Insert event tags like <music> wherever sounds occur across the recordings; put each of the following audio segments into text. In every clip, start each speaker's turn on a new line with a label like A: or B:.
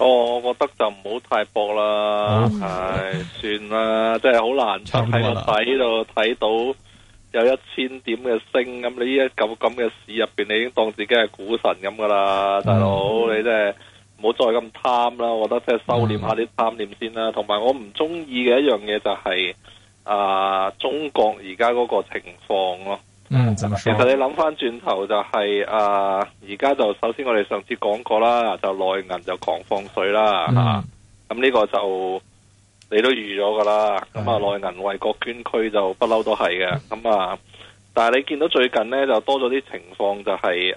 A: 我、oh, 我覺得就唔好太搏啦，唉，算啦，真係好難喺個底度睇到有一千點嘅升。咁。你呢一咁咁嘅市入邊，你已經當自己係股神咁噶啦，大佬、oh. 你真係唔好再咁貪啦。我覺得即係收斂下啲貪念先啦。同埋、oh. 我唔中意嘅一樣嘢就係、是、啊，中國而家嗰個情況咯、啊。嗯，其實你諗翻轉頭就係、是、誒，而、啊、家就首先我哋上次講過啦，就內銀就狂放水啦吓，咁呢、嗯啊這個就你都預咗噶啦，咁啊的內銀為國捐軀就不嬲都係嘅，咁、嗯、啊，但係你見到最近呢，就多咗啲情況就係、是、誒，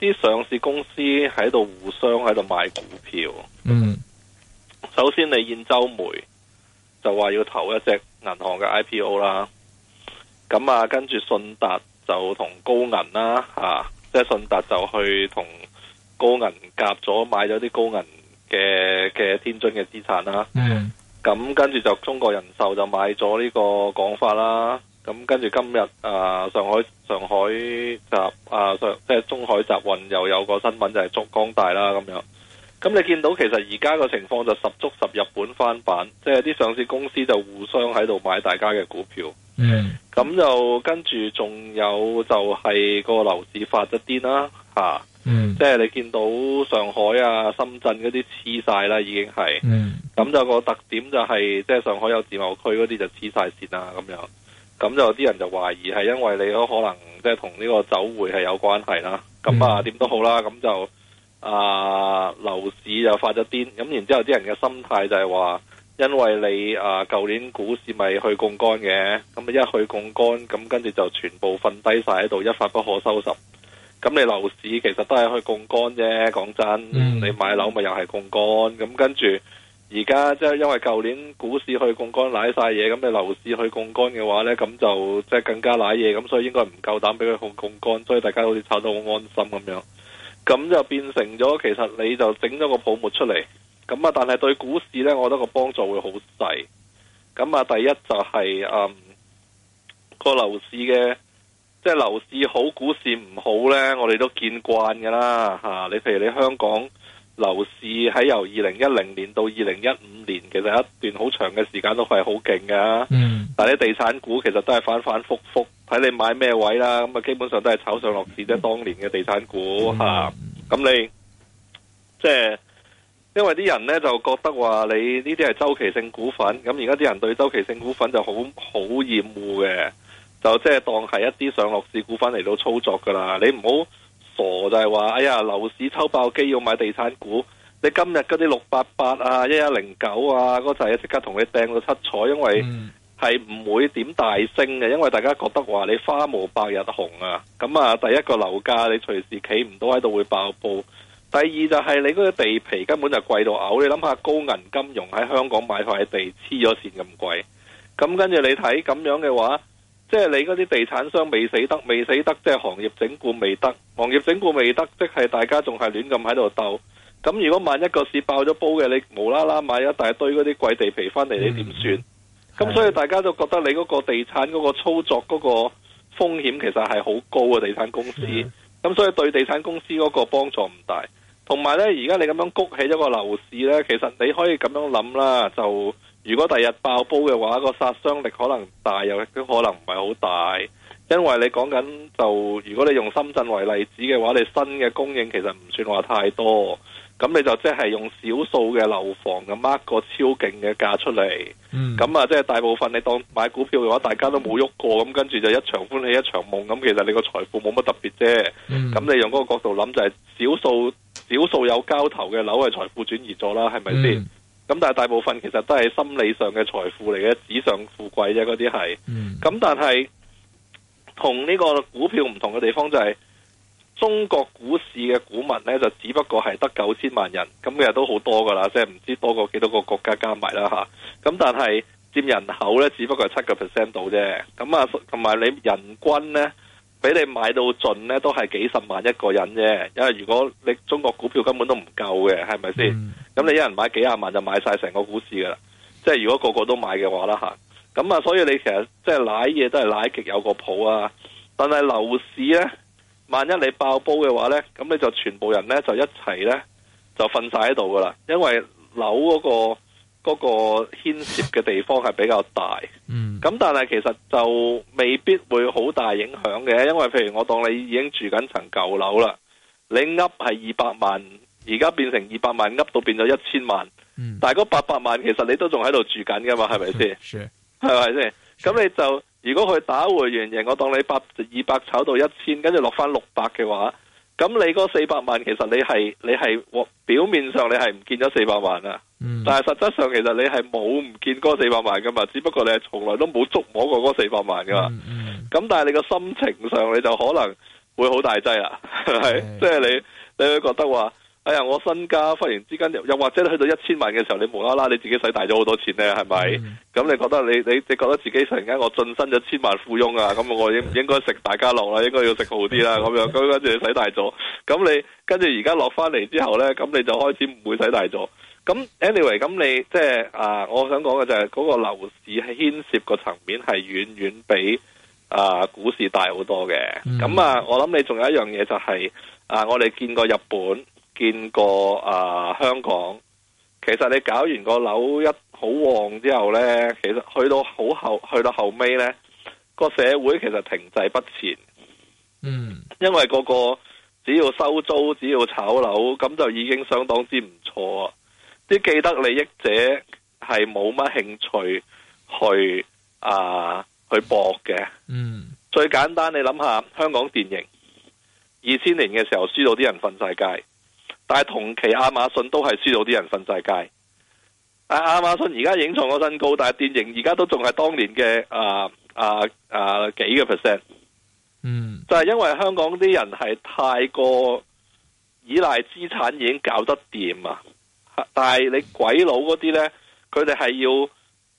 A: 啲、啊、上市公司喺度互相喺度賣股票。嗯，首先你兗州煤就話要投一隻銀行嘅 IPO 啦。咁啊，跟住信達就同高銀啦，吓、啊，即係信達就去同高銀夾咗，買咗啲高銀嘅嘅天津嘅資產啦。嗯、mm。咁、hmm. 跟住就中國人壽就買咗呢個廣發啦。咁、啊、跟住今日啊，上海上海集啊上，即係中海集運又有個新聞就係中光大啦咁樣。咁你見到其實而家個情況就十足十日本翻版，即係啲上市公司就互相喺度買大家嘅股票。嗯，咁就跟住仲有就係個樓市發咗癲啦吓，啊嗯、即係你見到上海啊、深圳嗰啲黐晒啦，已經係，咁、嗯、就個特點就係即係上海有自貿區嗰啲就黐晒線啦咁樣，咁就有啲人就懷疑係因為你都可能即係同呢個走回係有關係啦，咁啊點、嗯、都好啦，咁就啊樓市就發咗癲，咁然之後啲人嘅心態就係話。因為你啊，舊年股市咪去槓桿嘅，咁一去槓桿，咁跟住就全部瞓低晒喺度，一發不可收拾。咁你樓市其實都係去槓桿啫，講真，嗯、你買樓咪又係槓桿。咁跟住而家即係因為舊年股市去槓桿，瀨晒嘢，咁你樓市去槓桿嘅話呢，咁就即係更加瀨嘢。咁所以應該唔夠膽俾佢去槓桿，所以大家好似炒到好安心咁樣。咁就變成咗，其實你就整咗個泡沫出嚟。咁啊、嗯！但係對股市呢，我覺得個幫助會好細。咁、嗯、啊，第一就係、是、誒、嗯、個樓市嘅，即係樓市好，股市唔好呢，我哋都見慣噶啦吓。你譬如你香港樓市喺由二零一零年到二零一五年，其實一段好長嘅時間都係好勁噶。嗯、但係地產股其實都係反反复复，睇你買咩位啦。咁啊，基本上都係炒上落市啫。當年嘅地產股吓，咁、啊嗯嗯、你即係。因為啲人咧就覺得話你呢啲係周期性股份，咁而家啲人對周期性股份就好好厭惡嘅，就即係當係一啲上落市股份嚟到操作噶啦。你唔好傻就係話，哎呀樓市抽爆機要買地產股，你今日嗰啲六八八啊、一一零九啊嗰隻就即刻同你掟到七彩，因為係唔會點大升嘅，因為大家覺得話你花無百日紅啊，咁啊第一個樓價你隨時企唔到喺度會爆煲。第二就係你嗰啲地皮根本就貴到嘔，你諗下高銀金融喺香港買塊地黐咗線咁貴，咁跟住你睇咁樣嘅話，即係你嗰啲地產商未死得，未死得即係行業整固未得，行業整固未得，即係大家仲係亂咁喺度鬥。咁如果萬一個市爆咗煲嘅，你無啦啦買一大堆嗰啲貴地皮返嚟，你點算？咁、嗯、所以大家都覺得你嗰個地產嗰個操作嗰個風險其實係好高嘅地產公司，咁、嗯、所以對地產公司嗰個幫助唔大。同埋呢，而家你咁樣谷起一個樓市呢，其實你可以咁樣諗啦。就如果第日爆煲嘅話，個殺傷力可能大，又都可能唔係好大。因為你講緊就，如果你用深圳為例子嘅話，你新嘅供應其實唔算話太多。咁你就即係用少數嘅樓房咁掹個超勁嘅價出嚟。咁啊、嗯，即係、就是、大部分你當買股票嘅話，大家都冇喐過，咁跟住就一場歡喜一場夢咁。其實你個財富冇乜特別啫。咁、嗯、你用嗰個角度諗就係、是、少數。少數有交投嘅樓係財富轉移咗啦，係咪先？咁、mm. 但係大部分其實都係心理上嘅財富嚟嘅，紙上富貴啫，嗰啲係。咁、mm. 但係同呢個股票唔同嘅地方就係、是，中國股市嘅股民呢就只不過係得九千萬人，咁其實都好多噶啦，即係唔知多過幾多個國家加埋啦吓。咁、啊、但係佔人口呢，只不過係七個 percent 度啫。咁啊，同埋你人均呢，俾你買到盡呢，都係幾十萬一個人啫。因為如果你中國股票根本都唔夠嘅，係咪先？咁、嗯、你一人買幾廿萬就買晒成個股市噶啦。即係如果個個都買嘅話啦嚇，咁啊，所以你其實即係攋嘢都係攋極有個譜啊。但係樓市呢，萬一你爆煲嘅話呢，咁你就全部人呢，就一齊呢，就瞓晒喺度噶啦。因為樓嗰個嗰個牽涉嘅地方係比較大。嗯咁但係其實就未必會好大影響嘅，因為譬如我當你已經住緊層舊樓啦，你噏係二百萬，而家變成二百萬噏到變咗一千萬，但係嗰八百萬其實你都仲喺度住緊噶嘛，係咪先？係咪先？咁是你就如果佢打回原形，我當你八二百炒到一千，跟住落翻六百嘅話。咁你嗰四百萬其實你係你係，表面上你係唔見咗四百萬啊，嗯、但係實質上其實你係冇唔見嗰四百萬㗎嘛，只不過你係從來都冇觸摸過嗰四百萬㗎嘛。咁、嗯嗯、但係你個心情上你就可能會好大劑啦，即係、嗯、 <laughs> 是你，你會覺得話。哎呀！我身家忽然之間又又或者去到一千萬嘅時候，你無啦啦你自己使大咗好多錢咧，係咪？咁、mm hmm. 你覺得你你你覺得自己突然間我晉身咗千萬富翁啊？咁我應唔應該食大家樂啦？應該要食好啲啦？咁樣咁跟住你使大咗，咁你跟住而家落翻嚟之後咧，咁你就開始唔會使大咗。咁 anyway，咁你即係啊，我想講嘅就係嗰個樓市牽涉個層面係遠遠比啊、呃、股市大好多嘅。咁啊、mm hmm.，我諗你仲有一樣嘢就係、是、啊、呃，我哋見過日本。見過啊、呃，香港其實你搞完個樓一好旺之後呢，其實去到好後去到後尾呢個社會其實停滯不前。嗯，因為個個只要收租，只要炒樓，咁就已經相當之唔錯。啲既得利益者係冇乜興趣去啊、呃、去搏嘅。嗯，最簡單你諗下香港電影，二千年嘅時候輸到啲人瞓晒街。但係同期阿馬遜都係輸到啲人瞓晒街，阿阿馬遜而家影創咗新高，但係電影而家都仲係當年嘅啊啊啊幾個 percent，嗯，就係因為香港啲人係太過依賴資產已經搞得掂啊，但係你鬼佬嗰啲呢，佢哋係要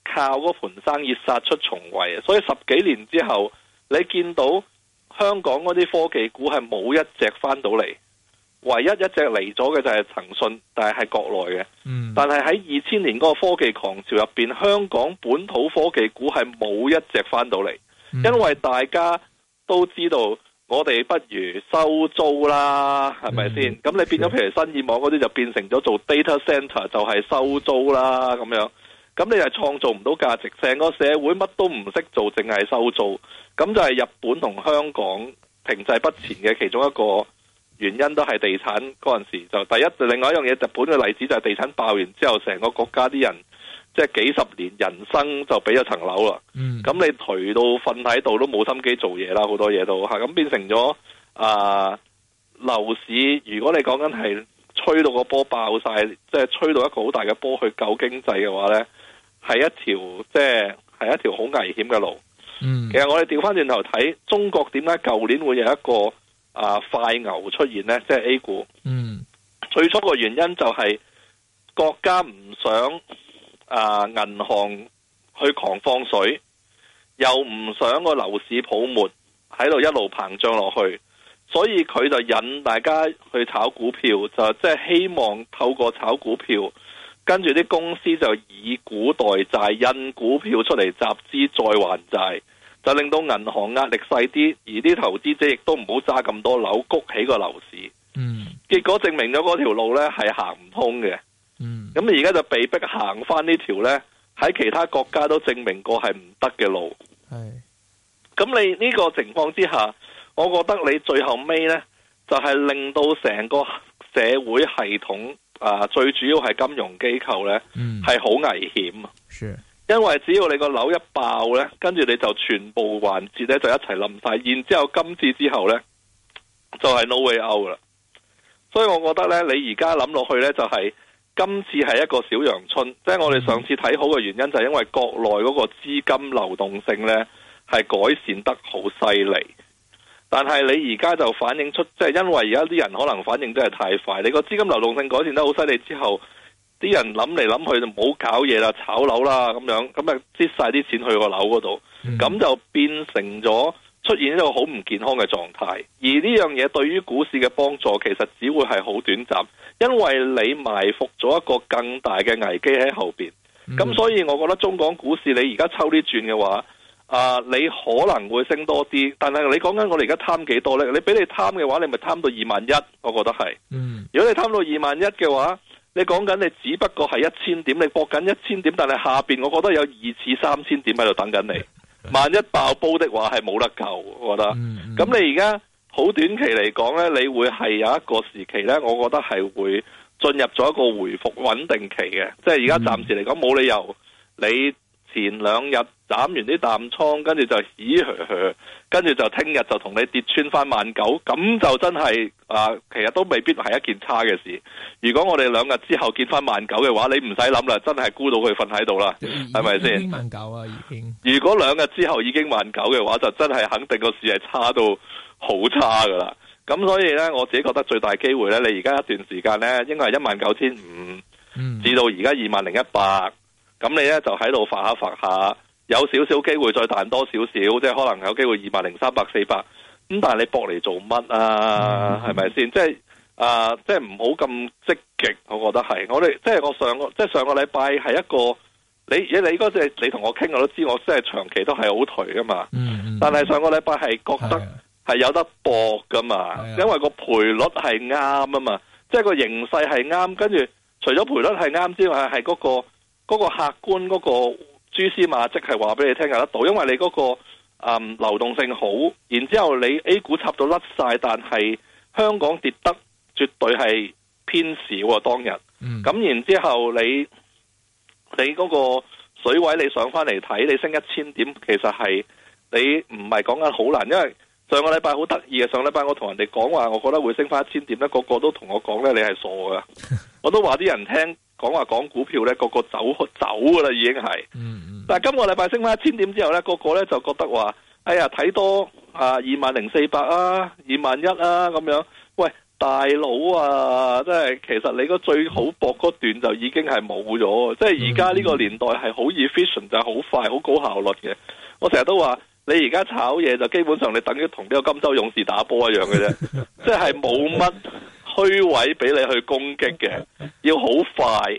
A: 靠嗰盤生意殺出重圍，所以十幾年之後你見到香港嗰啲科技股係冇一隻翻到嚟。唯一一隻嚟咗嘅就係騰訊，但係係國內嘅。嗯、但係喺二千年嗰個科技狂潮入面，香港本土科技股係冇一隻翻到嚟，嗯、因為大家都知道我哋不如收租啦，係咪先？咁吧、嗯、你變咗，譬如新意網嗰啲就變成咗做 data center 就係收租啦咁樣。咁你係創造唔到價值，成個社會乜都唔識做，淨係收租。咁就係日本同香港停滯不前嘅其中一個。原因都係地產嗰陣時就第一，另外一樣嘢日本嘅例子就係地產爆完之後，成個國家啲人即係幾十年人生就俾咗層樓啦。咁、嗯、你頹到瞓喺度都冇心機做嘢啦，好多嘢都嚇咁、啊、變成咗啊樓市。如果你講緊係吹到個波爆晒，即係吹到一個好大嘅波去救經濟嘅話呢，係一條即係係一條好危險嘅路。嗯、其實我哋調翻轉頭睇中國點解舊年會有一個。啊！快牛出現呢，即係 A 股。嗯，最初個原因就係國家唔想啊銀行去狂放水，又唔想個樓市泡沫喺度一路膨脹落去，所以佢就引大家去炒股票，就即係希望透過炒股票，跟住啲公司就以股代債，印股票出嚟集資再還債。就令到銀行壓力細啲，而啲投資者亦都唔好揸咁多樓，谷起個樓市。嗯，結果證明咗嗰條路咧係行唔通嘅。嗯，咁而家就被逼行返呢條咧，喺其他國家都證明過係唔得嘅路。係是，咁你呢個情況之下，我覺得你最後尾咧，就係、是、令到成個社會系統啊，最主要係金融機構咧，係好、嗯、危險。因為只要你個樓一爆呢，跟住你就全部環節呢就一齊冧晒，然之後今次之後呢，就係 no way out，所以我覺得呢，你而家諗落去呢就係今次係一個小陽春，即係我哋上次睇好嘅原因就係因為國內嗰個資金流動性呢係改善得好犀利，但係你而家就反映出，即係因為而家啲人可能反應都係太快，你個資金流動性改善得好犀利之後。啲人諗嚟諗去就唔好搞嘢啦，炒樓啦咁樣，咁啊，積晒啲錢去個樓嗰度，咁、嗯、就變成咗出現一個好唔健康嘅狀態。而呢樣嘢對於股市嘅幫助，其實只會係好短暫，因為你埋伏咗一個更大嘅危機喺後邊。咁、嗯、所以我覺得中港股市你而家抽啲轉嘅話，啊，你可能會升多啲，但係你講緊我哋而家貪幾多呢？你俾你貪嘅話，你咪貪到二萬一，我覺得係。嗯、如果你貪到二萬一嘅話。你講緊你只不過係一千點，你搏緊一千點，但係下邊我覺得有二至三千點喺度等緊你。萬一爆煲的話係冇得救，我覺得。咁、嗯、你而家好短期嚟講呢，你會係有一個時期呢，我覺得係會進入咗一個回復穩定期嘅。即係而家暫時嚟講，冇理由你前兩日。斬完啲淡倉，跟住就屎殼殼，跟住就聽日就同你跌穿翻萬九，咁就真係啊、呃，其實都未必係一件差嘅事。如果我哋兩日之後跌翻萬九嘅話，你唔使諗啦，真係估到佢瞓喺度啦，係咪先？萬九啊，已經。如果兩日之後已經萬九嘅話，就真係肯定個市係差到好差噶啦。咁所以呢，我自己覺得最大機會呢，你而家一段時間呢，應該係一萬九千五，嗯，至到而家二萬零一百，咁你呢，就喺度發下發下。有少少機會再彈多少少，即係可能有機會二萬零三百四百。咁但係你搏嚟做乜啊？係咪先？即係啊！即係唔好咁積極，我覺得係。我哋即係我上個即係、即係、上個禮拜係一個你你嗰隻你同我傾我都知，我即係長期都係好頹啊嘛。嗯嗯、但係上個禮拜係覺得係有得搏噶嘛，嗯嗯、因為個賠率係啱啊嘛，即係、嗯、個形勢係啱。跟住除咗賠率係啱之外，係嗰、嗰個嗰、嗰個客觀嗰、嗰個。蛛絲馬跡係話俾你聽有得到，因為你嗰、那個誒、嗯、流動性好，然之後你 A 股插到甩晒，但係香港跌得絕對係偏少、啊、當日。咁、嗯、然之後你你嗰個水位你上翻嚟睇，你升一千點，其實係你唔係講緊好難，因為上個禮拜好得意嘅上禮拜，我同人哋講話，我覺得會升翻一千點咧，個個都同我講咧，你係傻噶，我都話啲人聽講話講股票咧，個個走走噶啦，已經係。嗯但係今個禮拜升翻一千點之後咧，個個咧就覺得話，哎呀，睇多啊，二萬零四百啊，二萬一啊，咁樣。喂，大佬啊，真係，其實你個最好博嗰段就已經係冇咗。即係而家呢個年代係好 efficient，就係好快，好高效率嘅。我成日都話，你而家炒嘢，就基本上你等於同呢個金州勇士打波一樣嘅啫，即係冇乜虛位俾你去攻擊嘅，要好快。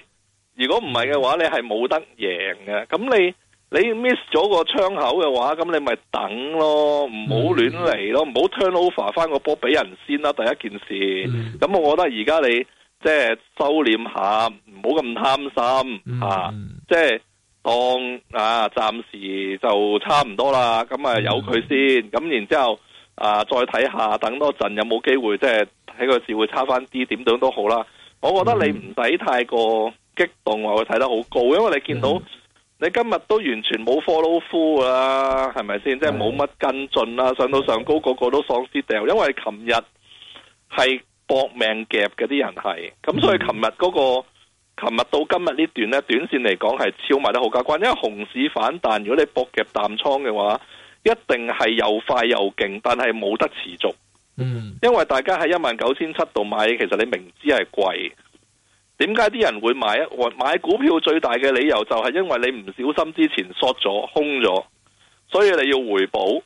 A: 如果唔係嘅話，你係冇得贏嘅。咁你你 miss 咗個窗口嘅話，咁你咪等咯，唔好亂嚟咯，唔好、mm hmm. turn over 翻個波俾人先啦。第一件事，咁、mm hmm. 我覺得而家你即係收斂下，唔好咁貪心、啊 mm hmm. 即係當啊暫時就差唔多啦。咁啊由佢先，咁、mm hmm. 然之後啊再睇下，等多陣有冇機會，即係睇個市會差翻啲，點樣都好啦。我覺得你唔使太過。激動話會睇得好高，因為你見到你今日都完全冇 follow 呼啦，係咪先？是的即係冇乜跟進啦，上到上高個個的都喪屍掉。因為琴日係搏命夾嘅啲人係，咁所以琴日嗰個琴日、嗯、到今日呢段呢，短線嚟講係超賣得好交關。因為熊市反彈，如果你搏夾淡倉嘅話，一定係又快又勁，但係冇得持續。嗯，因為大家喺一萬九千七度買，其實你明知係貴。點解啲人會買啊？買股票最大嘅理由就係因為你唔小心之前 short 咗空咗，所以你要回補。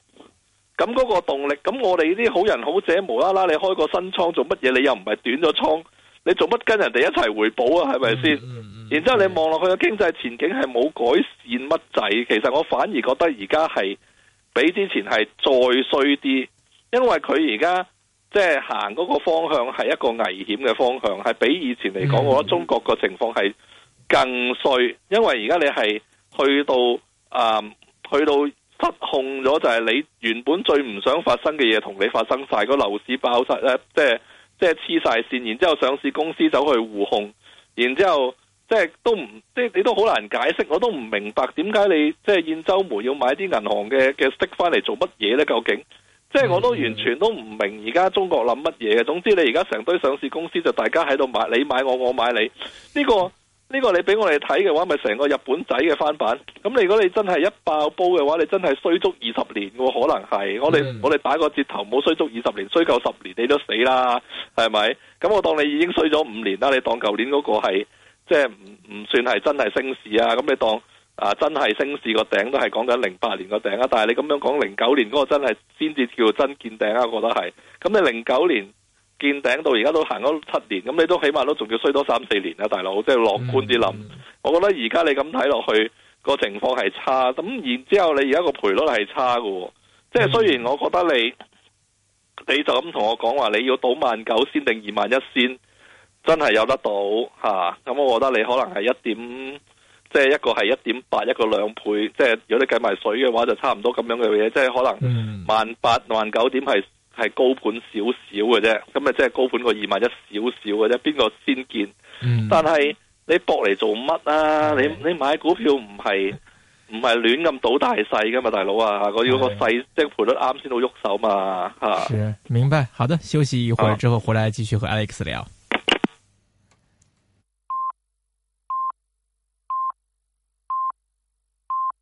A: 咁嗰個動力，咁我哋啲好人好者無啦啦，你開個新倉做乜嘢？你又唔係短咗倉，你做乜跟人哋一齊回補啊？係咪先？ <laughs> 然之後你望落去嘅經濟前景係冇改善乜滯，其實我反而覺得而家係比之前係再衰啲，因為佢而家。即係行嗰個方向係一個危險嘅方向，係比以前嚟講，我覺得中國個情況係更衰，因為而家你係去到啊、嗯，去到失控咗，就係你原本最唔想發生嘅嘢，同你發生晒，個樓市爆晒咧，即係即係黐晒線，然之後上市公司走去互控，然之後即係都唔即係你都好難解釋，我都唔明白點解你即係、就是、現周末要買啲銀行嘅嘅 stake 翻嚟做乜嘢咧？究竟？即係我都完全都唔明，而家中國諗乜嘢嘅。總之你而家成堆上市公司就大家喺度買，你買我我買你。呢個呢個你俾我哋睇嘅話，咪成個日本仔嘅翻版。咁你如果你真係一爆煲嘅話，你真係衰足二十年喎。可能係。我哋我哋打個折頭冇衰足二十年，衰夠十年你都死啦，係咪？咁我當你已經衰咗五年啦，你當舊年嗰個係即係唔唔算係真係升市啊？咁你當。啊，真係升市個頂都係講緊零八年個頂啊！但係你咁樣講零九年嗰個真係先至叫真見頂啊！我覺得係，咁你零九年見頂到而家都行咗七年，咁你都起碼都仲要衰多三四年啦，大佬，即係樂觀啲諗。嗯、我覺得而家你咁睇落去個情況係差，咁然之後你而家個賠率係差噶，即、就、係、是、雖然我覺得你，你就咁同我講話你要賭萬九先定二萬一先，真係有得到吓？咁、啊、我覺得你可能係一點。即係一個係一點八，一個兩倍，即係如果你計埋水嘅話，就差唔多咁樣嘅嘢。即係可能萬八萬九點係係高盤少少嘅啫，咁咪即係高盤個二萬一少少嘅啫。邊個先見？嗯、但係你搏嚟做乜啊？是你你買股票唔係唔係亂咁賭大細嘅嘛，大佬啊！我要個細即係賠率啱先好喐手嘛。啊、是，明白。好的，休息一會、啊、之後回來繼續和 Alex 聊。